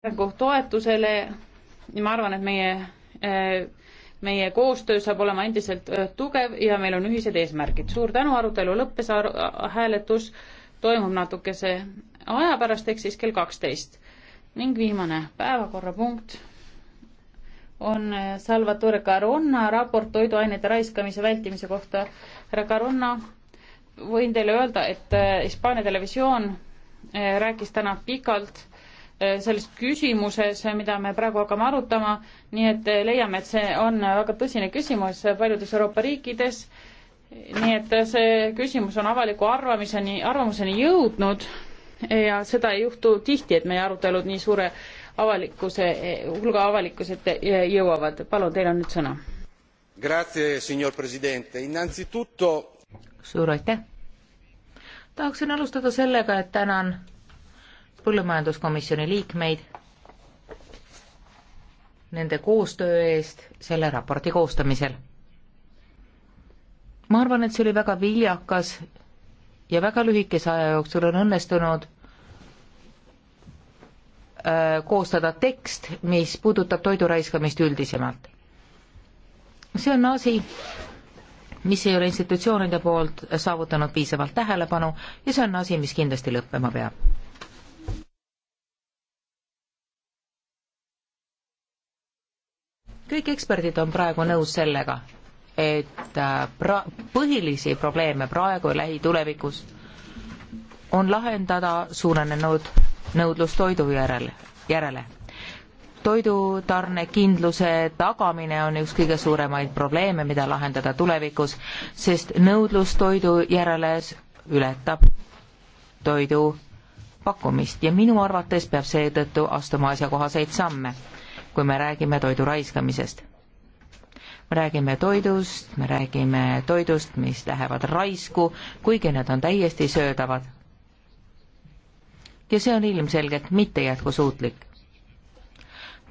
Nagu toetusele ja ma arvan, et meie, eh, meie koostöö saab olema endiselt eh, tugev ja meil on ühised eesmärgid. suur tänu, arutelu lõppes, hääletus toimub natukese aja pärast, ehk siis kell kaksteist. ning viimane päevakorrapunkt on eh, Salvatore Caronna raport toiduainete raiskamise vältimise kohta. härra Caronna, võin teile öelda, et Hispaania televisioon rääkis täna pikalt Eh, selles küsimuses, eh, mida me praegu hakkame arutama, nii et eh, leiame, et see on väga tõsine küsimus paljudes Euroopa riikides, nii et see küsimus on avaliku arvamiseni, arvamuseni jõudnud ja seda ei juhtu tihti, et meie arutelud nii suure avalikkuse, hulga avalikkuse ette jõuavad. palun, teil on nüüd sõna. suur aitäh! tahaksin alustada sellega, et tänan põllumajanduskomisjoni liikmeid nende koostöö eest selle raporti koostamisel. ma arvan, et see oli väga viljakas ja väga lühikese aja jooksul on õnnestunud äh, koostada tekst, mis puudutab toidu raiskamist üldisemalt. see on asi, mis ei ole institutsioonide poolt saavutanud piisavalt tähelepanu ja see on asi, mis kindlasti lõppema peab kõik eksperdid on praegu nõus sellega, et äh, pra-, põhilisi probleeme praegu ja lähitulevikus on lahendada suurenenud nõudlus toidu järel, järele. toidutarnekindluse tagamine on üks kõige suuremaid probleeme, mida lahendada tulevikus, sest nõudlus toidu järele ületab toidu pakkumist ja minu arvates peab seetõttu astuma asjakohaseid samme kui me räägime toidu raiskamisest. me räägime toidust, me räägime toidust, mis lähevad raisku, kuigi nad on täiesti söödavad. ja see on ilmselgelt mitte jätkusuutlik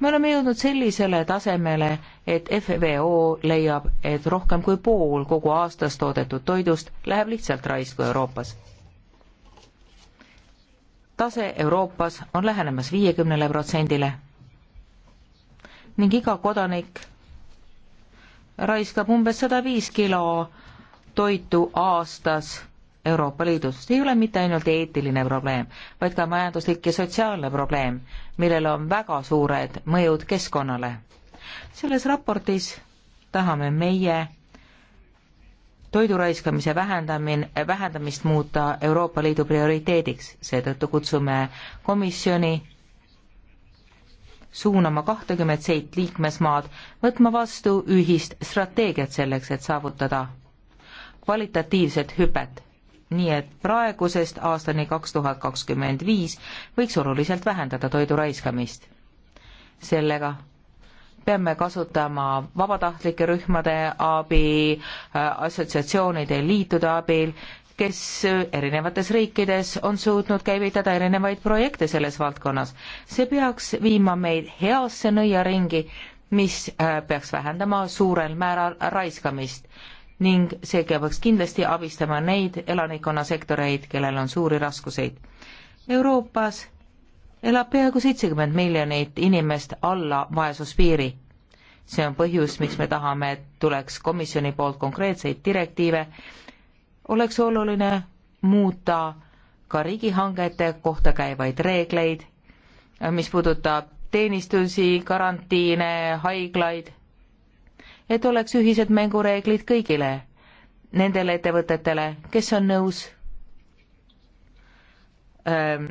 me oleme jõudnud sellisele tasemele, et FVO leiab, et rohkem kui pool kogu aastas toodetud toidust läheb lihtsalt raisku Euroopas. tase Euroopas on lähenemas viiekümnele protsendile ning iga kodanik raiskab umbes sada viis kilo toitu aastas Euroopa Liidus. see ei ole mitte ainult eetiline probleem, vaid ka majanduslik ja sotsiaalne probleem, millel on väga suured mõjud keskkonnale. selles raportis tahame meie toidu raiskamise vähendamine, vähendamist muuta Euroopa Liidu prioriteediks, seetõttu kutsume komisjoni suunama kahtekümmet seit liikmesmaad võtma vastu ühist strateegiat selleks, et saavutada kvalitatiivset hüpet. nii et praegusest aastani kaks tuhat kakskümmend viis võiks oluliselt vähendada toidu raiskamist. sellega peame kasutama vabatahtlike rühmade abi, äh, assotsiatsioonide liitude abil kes erinevates riikides on suutnud käivitada erinevaid projekte selles valdkonnas. see peaks viima meid heasse nõiaringi, mis äh, peaks vähendama suurel määral raiskamist ning see peaks kindlasti abistama neid elanikkonnasektoreid, kellel on suuri raskuseid. Euroopas elab peaaegu seitsekümmend miljonit inimest alla vaesuspiiri. see on põhjus, miks me tahame, et tuleks komisjoni poolt konkreetseid direktiive, oleks oluline muuta ka riigihangete kohta käivaid reegleid, mis puudutab teenistusi, karantiine, haiglaid, et oleks ühised mängureeglid kõigile nendele ettevõtetele, kes on nõus öö, ähm,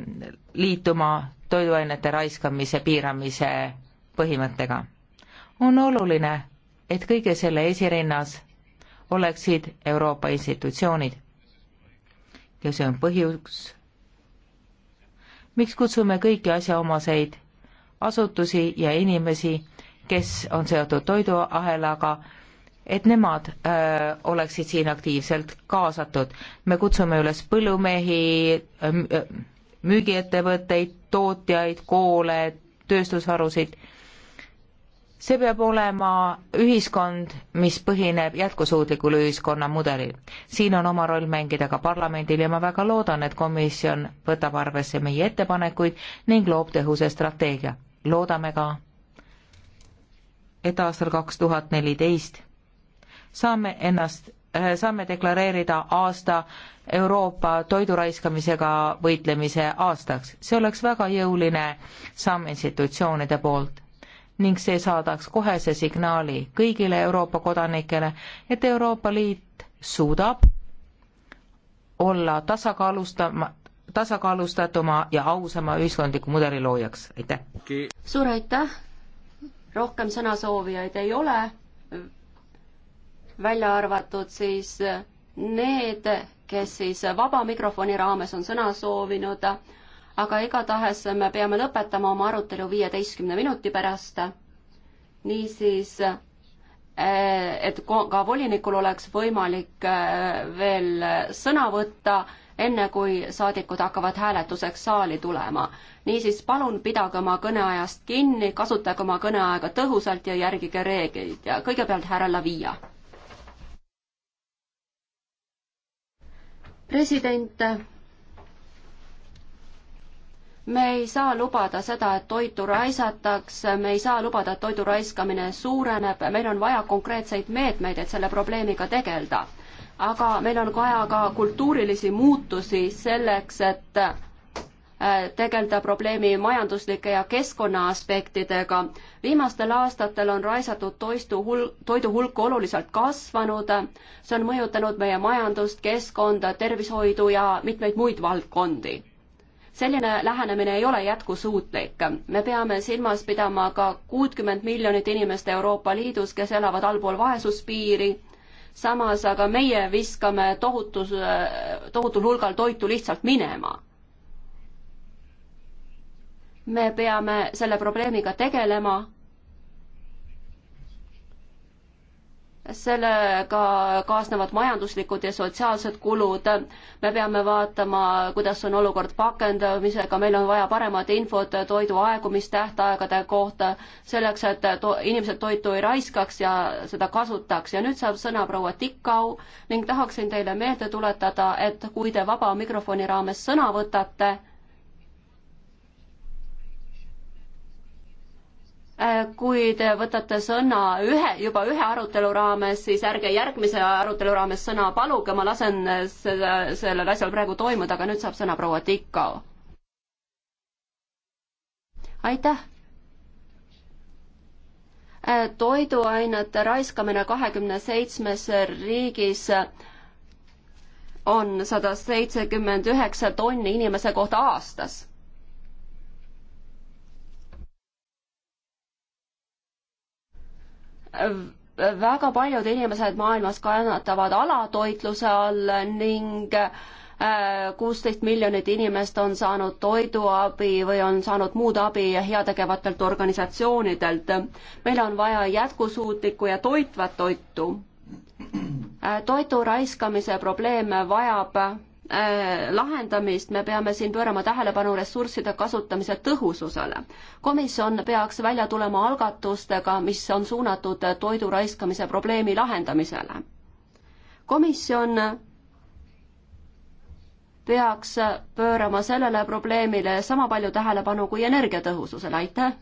liituma toiduainete raiskamise piiramise põhimõttega. on oluline, et kõige selle esirinnas oleksid Euroopa institutsioonid. ja see on põhjus, miks kutsume kõiki asjaomaseid asutusi ja inimesi, kes on seotud toiduahelaga, et nemad öö, äh, oleksid siin aktiivselt kaasatud. me kutsume üles põllumehi, äh, müügiettevõtteid, tootjaid, koole, tööstusharusid see peab olema ühiskond, mis põhineb jätkusuutlikul ühiskonnamudelil. siin on oma roll mängida ka parlamendil ja ma väga loodan, et komisjon võtab arvesse meie ettepanekuid ning loob tõhuse strateegia. loodame ka, et aastal kaks tuhat neliteist saame ennast äh, saame deklareerida aasta Euroopa toiduraiskamisega võitlemise aastaks. see oleks väga jõuline samm institutsioonide poolt ning see saadaks kohese signaali kõigile Euroopa kodanikele, et Euroopa Liit suudab olla tasakaalustama, tasakaalustatuma ja ausama ühiskondliku mudeli loojaks, aitäh! suur aitäh, rohkem sõnasoovijaid ei ole, välja arvatud siis need, kes siis vaba mikrofoni raames on sõna soovinud aga igatahes me peame lõpetama oma arutelu viieteistkümne minuti pärast. niisiis, eh, et ka volinikul oleks võimalik eh, veel sõna võtta, enne kui saadikud hakkavad hääletuseks saali tulema. niisiis, palun pidage oma kõneajast kinni, kasutage oma kõneaega tõhusalt ja järgige reegleid ja kõigepealt härra Lavia. president me ei saa lubada seda, et toitu raisatakse, me ei saa lubada, et toidu raiskamine suureneb, meil on vaja konkreetseid meetmeid, et selle probleemiga tegeleda. aga meil on vaja ka kultuurilisi muutusi selleks, et äh, tegeleda probleemi majanduslike ja keskkonna aspektidega. viimastel aastatel on raisatud toistu hulk, toidu hulk oluliselt kasvanud. see on mõjutanud meie majandust, keskkonda, tervishoidu ja mitmeid muid valdkondi selline lähenemine ei ole jätkusuutlik. me peame silmas pidama ka kuutkümmend miljonit inimest Euroopa Liidus, kes elavad allpool vaesuspiiri, samas aga meie viskame tohutus, tohutul hulgal toitu lihtsalt minema. me peame selle probleemiga tegelema sellega kaasnevad majanduslikud ja sotsiaalsed kulud. me peame vaatama, kuidas on olukord pakendamisega, meil on vaja paremat infot toidu aegumistähtaegade kohta, selleks et to inimesed toitu ei raiskaks ja seda kasutaks. ja nüüd saab sõna proua Tikkau ning tahaksin teile meelde tuletada, et kui te vaba mikrofoni raames sõna võtate, Äh, kui te võtate sõna ühe, juba ühe arutelu raames, siis ärge järgmise arutelu raames sõna paluge, ma lasen seda, sellel asjal praegu toimuda, aga nüüd saab sõna proua Tikao. aitäh! Äh, toiduainete raiskamine kahekümne seitsmes riigis on sada seitsekümmend üheksa tonni inimese kohta aastas väga paljud inimesed maailmas kannatavad alatoitluse all ning äh, kuusteist miljonit inimest on saanud toiduabi või on saanud muud abi heategevatelt organisatsioonidelt. meil on vaja jätkusuutlikku ja toitvat toitu. Äh, toidu raiskamise probleem vajab Äh, lahendamist, me peame siin pöörama tähelepanu ressursside kasutamise tõhususele. komisjon peaks välja tulema algatustega, mis on suunatud toidu raiskamise probleemi lahendamisele. komisjon peaks pöörama sellele probleemile sama palju tähelepanu kui energiatõhususele, aitäh!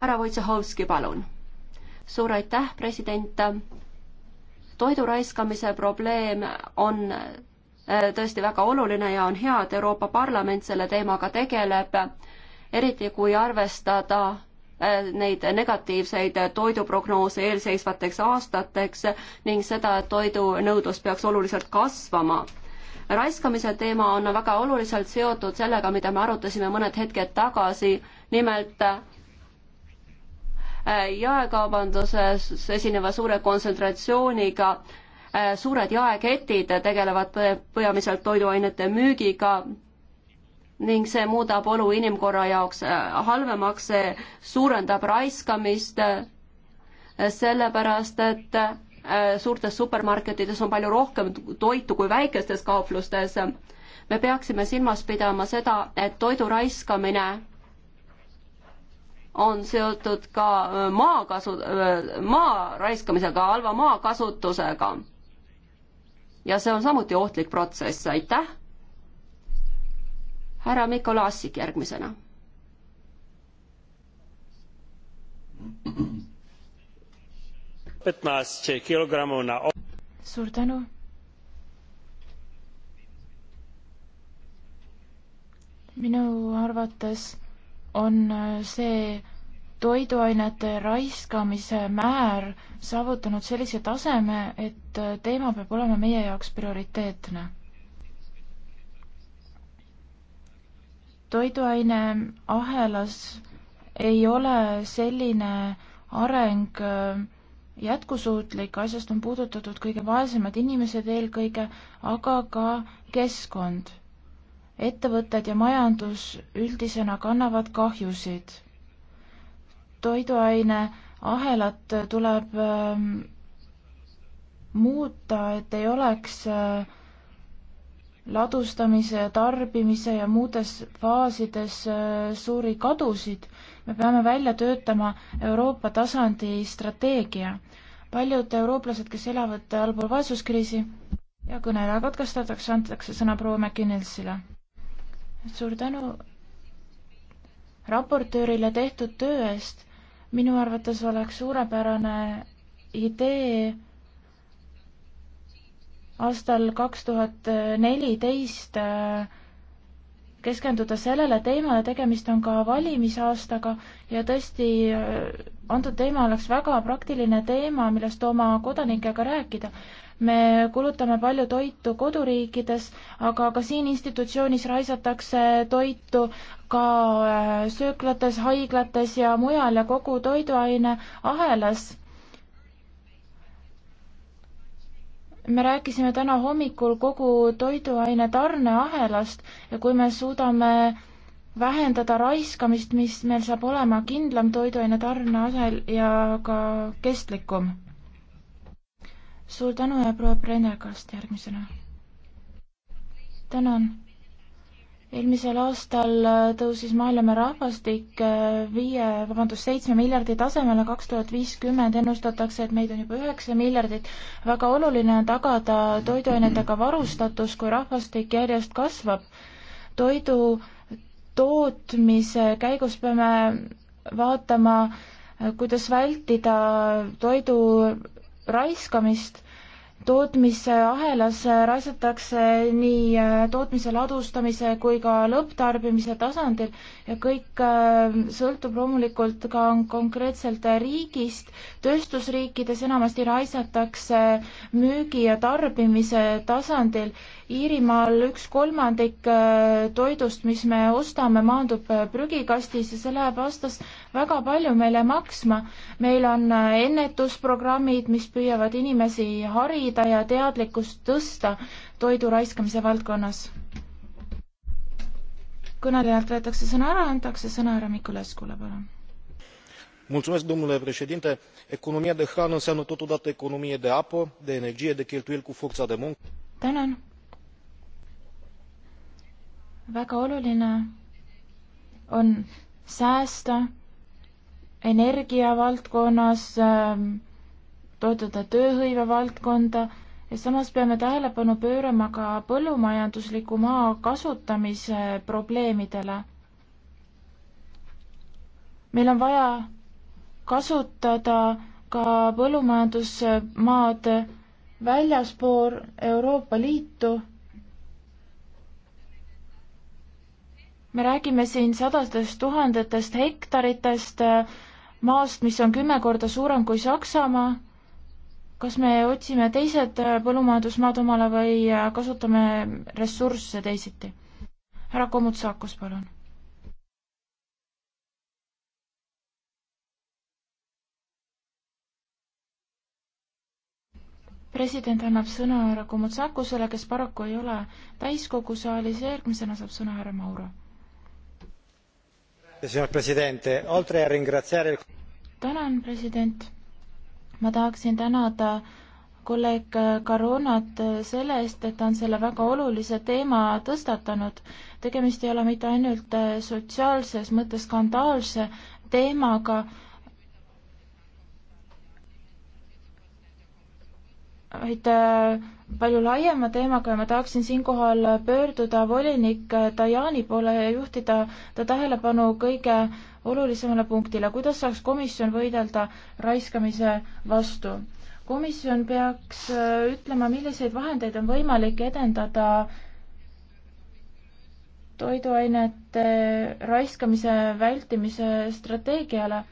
härra Wojciechowski, palun! suur aitäh, president! toidu raiskamise probleem on Äh, tõesti väga oluline ja on hea, et Euroopa Parlament selle teemaga tegeleb, eriti kui arvestada äh, neid negatiivseid toiduprognoose eelseisvateks aastateks ning seda, et toidunõudlus peaks oluliselt kasvama. raiskamise teema on väga oluliselt seotud sellega, mida me arutasime mõned hetked tagasi, nimelt äh, jaekaubanduses esineva suure kontsentratsiooniga Äh, suured jaeketid tegelevad peamiselt toiduainete müügiga ning see muudab olu inimkorra jaoks äh, halvemaks, see suurendab raiskamist, äh, sellepärast et suurtes supermarketides on palju rohkem toitu kui väikestes kauplustes. me peaksime silmas pidama seda, et toidu raiskamine on seotud ka maakasu, maa raiskamisega, halva maakasutusega ja see on samuti ohtlik protsess, aitäh. härra Mikolassik järgmisena. suur tänu. minu arvates on äh, see toiduainete raiskamise määr saavutanud sellise taseme, et teema peab olema meie jaoks prioriteetne. toiduaineahelas ei ole selline areng äh, jätkusuutlik, asjast on puudutatud kõige vaesemad inimesed eelkõige, aga ka keskkond ettevõtted ja majandus üldisena kannavad kahjusid toiduaine ahelat tuleb ähm, muuta, et ei oleks äh, ladustamise ja tarbimise ja muudes faasides äh, suuri kadusid, me peame välja töötama Euroopa tasandi strateegia. paljud eurooplased, kes elavad allpool vaesuskriisi ja kõneleja katkestatakse, antakse sõna proua McKinnelsile. suur tänu raportöörile tehtud töö eest minu arvates oleks suurepärane idee aastal kaks tuhat neliteist äh, keskenduda sellele teemale, tegemist on ka valimisaastaga ja tõesti äh, antud teema oleks väga praktiline teema, millest oma kodanikega rääkida. me kulutame palju toitu koduriikides, aga ka siin institutsioonis raisatakse toitu ka äh, sööklates, haiglates ja mujal ja kogu toiduaine ahelas me rääkisime täna hommikul kogu toiduaine tarneahelast ja kui me suudame vähendada raiskamist, mis meil saab olema kindlam toiduaine tarneasel ja ka kestlikum. suur tänu ja proua Brenner Kast järgmisena. tänan eelmisel aastal äh, tõusis maailma rahvastik äh, viie, vabandust, seitsme miljardi tasemele, kaks tuhat viiskümmend ennustatakse, et meid on juba üheksa miljardit. väga oluline on tagada toiduainetega varustatus, kui rahvastik järjest kasvab. toidu tootmise käigus peame vaatama, äh, kuidas vältida toidu raiskamist tootmisahelas raisatakse nii äh, tootmise ladustamise kui ka lõpptarbimise tasandil ja kõik äh, sõltub loomulikult ka konkreetselt riigist. tööstusriikides enamasti raisatakse müügi ja tarbimise tasandil Iirimaal üks kolmandik äh, toidust, mis me ostame, maandub äh, prügikastis ja see läheb aastas väga palju meile maksma. meil on äh, ennetusprogrammid, mis püüavad inimesi harida ja teadlikkust tõsta toidu raiskamise valdkonnas. kõnelejalt võetakse sõna ära, antakse sõna härra Mikuleskule, palun economia de hrană înseamnă totodată economie de apă de energie de cheltuieli cu fora de muncă väga oluline on säästa energia valdkonnas, ähm, toetada tööhõive valdkonda ja samas peame tähelepanu pöörama ka põllumajandusliku maa kasutamise probleemidele. meil on vaja kasutada ka põllumajandusmaad väljaspool Euroopa Liitu me räägime siin sadadest tuhandetest hektaritest äh, maast, mis on kümme korda suurem kui Saksamaa. kas me otsime teised äh, põllumajandusmaad omale või äh, kasutame ressursse teisiti? härra Komutsaakus, palun. president annab sõna härra Komutsakusele, kes paraku ei ole täiskogu saalis, järgmisena saab sõna härra Mauro tänan, president. ma tahaksin tänada kolleeg Caronat selle eest, et ta on selle väga olulise teema tõstatanud. tegemist ei ole mitte ainult sotsiaalses mõttes skandaalse teemaga, aitäh palju laiema teemaga ja ma tahaksin siinkohal pöörduda volinik Dajani poole ja juhtida ta tähelepanu kõige olulisemale punktile, kuidas saaks komisjon võidelda raiskamise vastu. komisjon peaks äh, ütlema, milliseid vahendeid on võimalik edendada toiduainete raiskamise vältimise strateegiale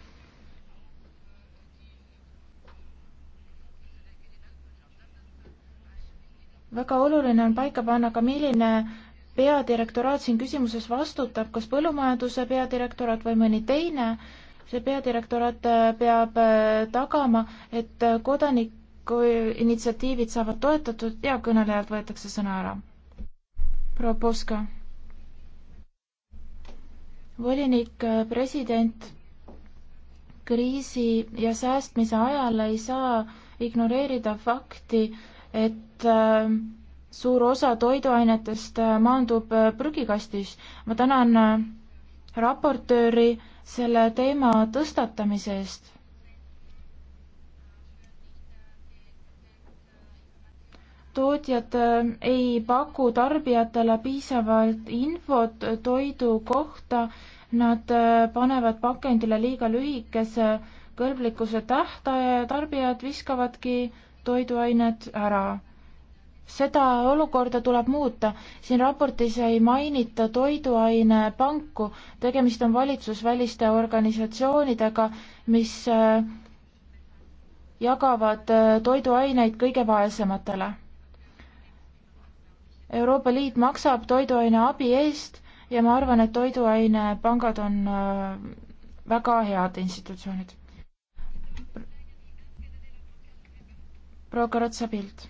väga oluline on paika panna ka, milline peadirektoraat siin küsimuses vastutab, kas põllumajanduse peadirektoraat või mõni teine, see peadirektoraat äh, peab äh, tagama, et äh, kodaniku initsiatiivid saavad toetatud ja kõnelejalt võetakse sõna ära. proua Poska. volinik, president, kriisi ja säästmise ajal ei saa ignoreerida fakti, et äh, suur osa toiduainetest äh, maandub äh, prügikastis. ma tänan raportööri selle teema tõstatamise eest. tootjad ei paku tarbijatele piisavalt infot toidu kohta, nad panevad pakendile liiga lühikese kõlblikkuse tähtaja ja tarbijad viskavadki äh, toiduained ära. seda olukorda tuleb muuta. siin raportis ei mainita toiduainepanku, tegemist on valitsusväliste organisatsioonidega, mis äh, jagavad äh, toiduaineid kõige vaesematele. Euroopa Liit maksab toiduaineabi eest ja ma arvan, et toiduainepangad on äh, väga head institutsioonid proua Karatsa-Pilt.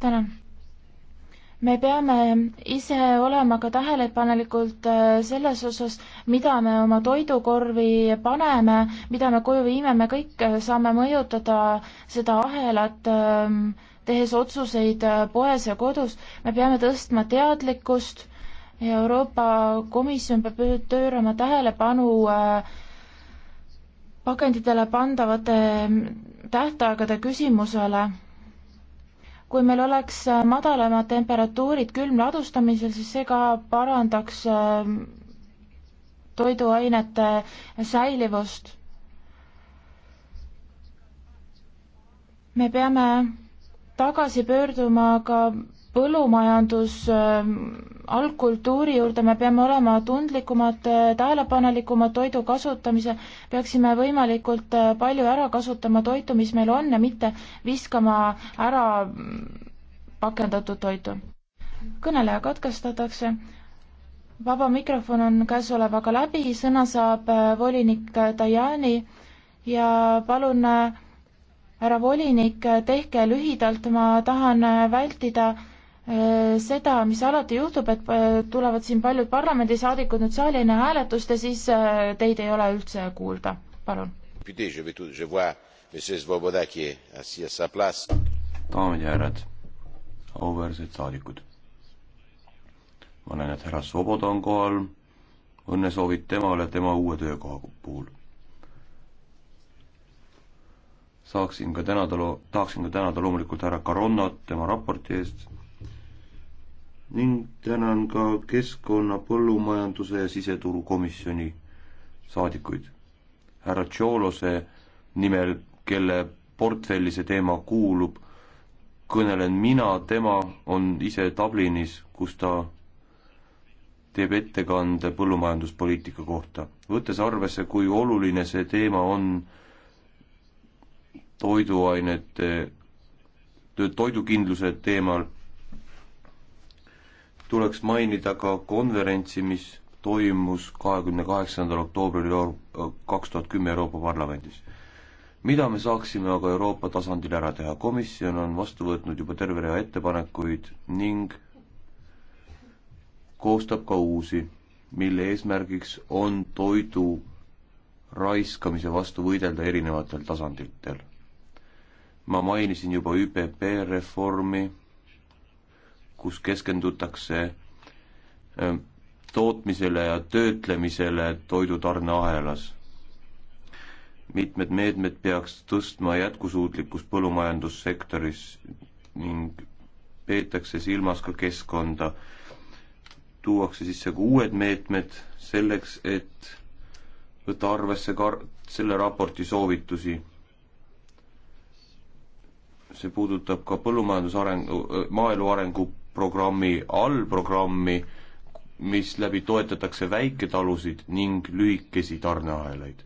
tänan me peame ise olema ka tähelepanelikud äh, selles osas, mida me oma toidukorvi paneme, mida me koju viime, me kõik äh, saame mõjutada seda ahelat, ähm, tehes otsuseid äh, poes ja kodus. me peame tõstma teadlikkust ja Euroopa Komisjon peab pöörama tähelepanu äh, pakenditele pandavate tähtaegade küsimusele. kui meil oleks madalamad temperatuurid külmladustamisel, siis see ka parandaks äh, toiduainete säilivust. me peame tagasi pöörduma ka põllumajandus ähm, algkultuuri juurde, me peame olema tundlikumad, äh, tähelepanelikumad toidu kasutamise, peaksime võimalikult äh, palju ära kasutama toitu, mis meil on ja mitte viskama ära mm, pakendatud toitu. kõneleja katkestatakse. vaba mikrofon on käesolevaga läbi, sõna saab äh, volinik Dajani ja palun härra volinik, tehke lühidalt, ma tahan vältida Äh, seda, mis alati juhtub, et äh, tulevad siin paljud parlamendisaadikud nüüd saali enne hääletust ja siis äh, teid ei ole üldse kuulda. palun. daamid ja härrad, auväärsed saadikud. ma näen, et härra Svoboda on kohal. õnnesoovid temale tema uue töökoha puhul saaksin ka tänada, tahaksin ka tänada loomulikult härra Caronnot tema raporti eest ning tänan ka Keskkonna, Põllumajanduse ja Siseturukomisjoni saadikuid. härra Tšoolose nimel, kelle portfelli see teema kuulub, kõnelen mina, tema on ise Dublinis, kus ta teeb ettekande põllumajanduspoliitika kohta. võttes arvesse, kui oluline see teema on toiduainete, toidukindluse teemal tuleks mainida ka konverentsi, mis toimus kahekümne kaheksandal oktoobril kaks tuhat kümme Euroopa Parlamendis. mida me saaksime aga Euroopa tasandil ära teha? komisjon on vastu võtnud juba terve rea ettepanekuid ning koostab ka uusi, mille eesmärgiks on toidu raiskamise vastu võidelda erinevatel tasanditel. ma mainisin juba ÜPP reformi kus keskendutakse ähm, tootmisele ja töötlemisele toidutarneahelas. mitmed meetmed peaks tõstma jätkusuutlikkus põllumajandussektoris ning peetakse silmas ka keskkonda. tuuakse sisse ka uued meetmed selleks, et võtta arvesse ka selle raporti soovitusi see puudutab ka põllumajanduse arengu, maaelu arengu programmi allprogrammi, mis läbi toetatakse väiketalusid ning lühikesi tarneahelaid.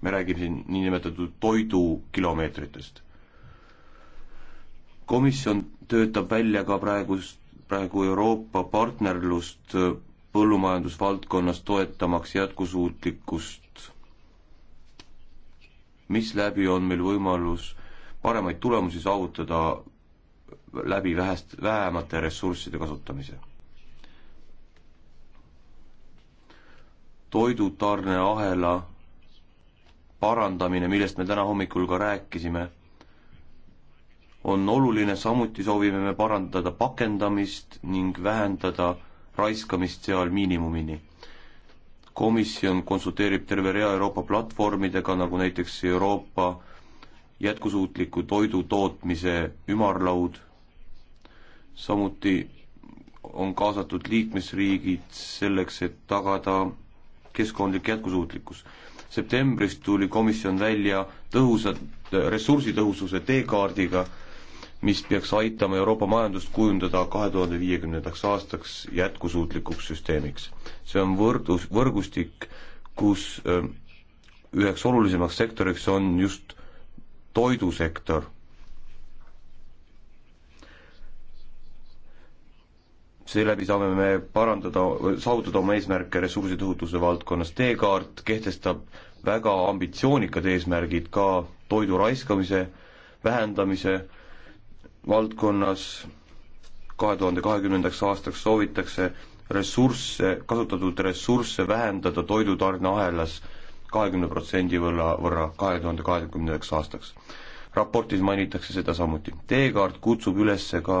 me räägime siin niinimetatud toidukilomeetritest. komisjon töötab välja ka praegust, praegu Euroopa partnerlust põllumajandusvaldkonnas toetamaks jätkusuutlikkust, misläbi on meil võimalus paremaid tulemusi saavutada läbi vähest, vähemate ressursside kasutamise. toidutarneahela parandamine, millest me täna hommikul ka rääkisime, on oluline, samuti soovime me parandada pakendamist ning vähendada raiskamist seal miinimumini. komisjon konsulteerib terve rea Euroopa platvormidega, nagu näiteks Euroopa jätkusuutliku toidu tootmise ümarlaud samuti on kaasatud liikmesriigid selleks, et tagada keskkondlik jätkusuutlikkus. septembris tuli komisjon välja tõhusat, ressursitõhususe teekaardiga, mis peaks aitama Euroopa majandust kujundada kahe tuhande viiekümnendaks aastaks jätkusuutlikuks süsteemiks. see on võrdus, võrgustik, kus äh, üheks olulisemaks sektoriks on just toidusektor seeläbi saame me parandada, saavutada oma eesmärke ressursitõhutuse valdkonnas. teekaart kehtestab väga ambitsioonikad eesmärgid ka toidu raiskamise vähendamise valdkonnas. kahe tuhande kahekümnendaks aastaks soovitakse ressursse, kasutatud ressursse vähendada toidutarneahelas kahekümne protsendi võrra, võrra kahe tuhande kahekümnendaks aastaks. raportis mainitakse seda samuti. teekaart kutsub üles ka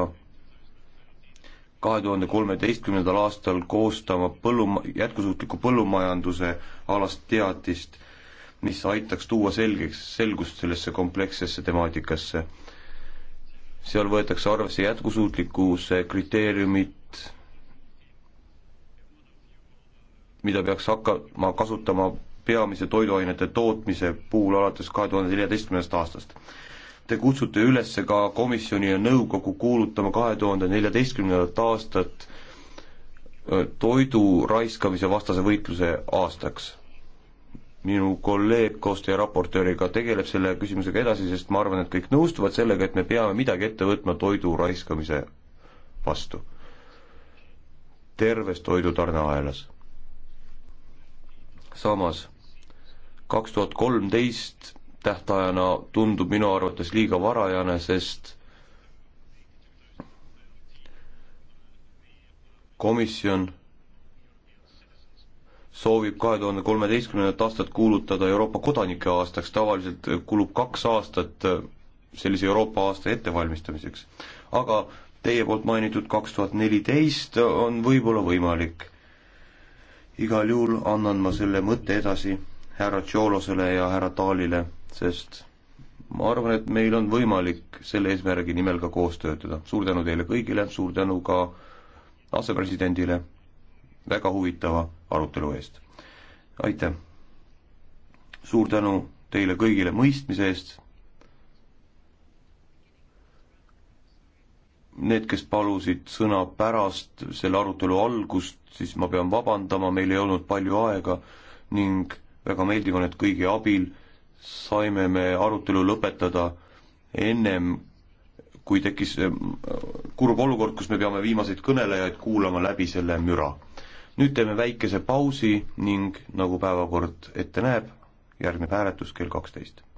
kahe tuhande kolmeteistkümnendal aastal koostama põlluma-, jätkusuutliku põllumajanduse alast teatist, mis aitaks tuua selgeks, selgust sellesse komplekssesse temaatikasse. seal võetakse arvesse jätkusuutlikkuse kriteeriumid, mida peaks hakkama kasutama peamise toiduainete tootmise puhul alates kahe tuhande neljateistkümnendast aastast. Te kutsute üles ka komisjoni ja nõukogu kuulutama kahe tuhande neljateistkümnendat aastat toidu raiskamise vastase võitluse aastaks. minu kolleeg koos teie raportööriga tegeleb selle küsimusega edasi, sest ma arvan, et kõik nõustuvad sellega, et me peame midagi ette võtma toidu raiskamise vastu terves toidutarneahelas. samas kaks tuhat kolmteist tähtajana tundub minu arvates liiga varajane, sest komisjon soovib kahe tuhande kolmeteistkümnendat aastat kuulutada Euroopa kodanike aastaks, tavaliselt kulub kaks aastat sellise Euroopa aasta ettevalmistamiseks. aga teie poolt mainitud kaks tuhat neliteist on võib-olla võimalik. igal juhul annan ma selle mõtte edasi härra Tšoolosele ja härra Taalile sest ma arvan, et meil on võimalik selle eesmärgi nimel ka koos töötada. suur tänu teile kõigile, suur tänu ka asepresidendile väga huvitava arutelu eest. aitäh! suur tänu teile kõigile mõistmise eest. Need, kes palusid sõna pärast selle arutelu algust, siis ma pean vabandama, meil ei olnud palju aega ning väga meeldiv on, et kõigi abil saime me arutelu lõpetada ennem, kui tekkis äh, kurb olukord, kus me peame viimaseid kõnelejaid kuulama läbi selle müra. nüüd teeme väikese pausi ning nagu päevakord ette näeb, järgneb hääletus kell kaksteist